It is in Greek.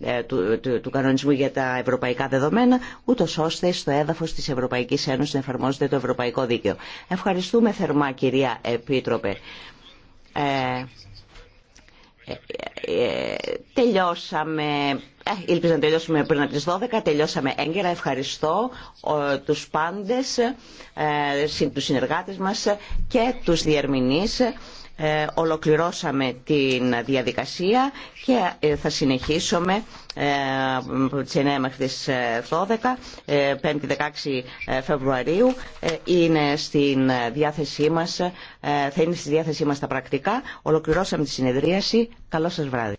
Ε, του, κανονισμού για τα ευρωπαϊκά δεδομένα, ούτω ώστε στο έδαφο τη Ευρωπαϊκή Ένωση να εφαρμόζεται το ευρωπαϊκό δίκαιο. Ευχαριστούμε θερμά, κυρία Επίτροπε. Ε, ε, ε τελειώσαμε, ε, ήλπιζα να τελειώσουμε πριν από τις 12, τελειώσαμε έγκαιρα, ευχαριστώ τους πάντες, ε, τους συνεργάτες μας και τους διερμηνείς. Ε, ολοκληρώσαμε την διαδικασία και ε, θα συνεχίσουμε από ε, τις 9 μέχρι τις 12, 5 16 Φεβρουαρίου. Είναι στην διάθεσή μας, θα είναι στη διάθεσή μας τα πρακτικά. Ολοκληρώσαμε τη συνεδρίαση. Καλό σας βράδυ.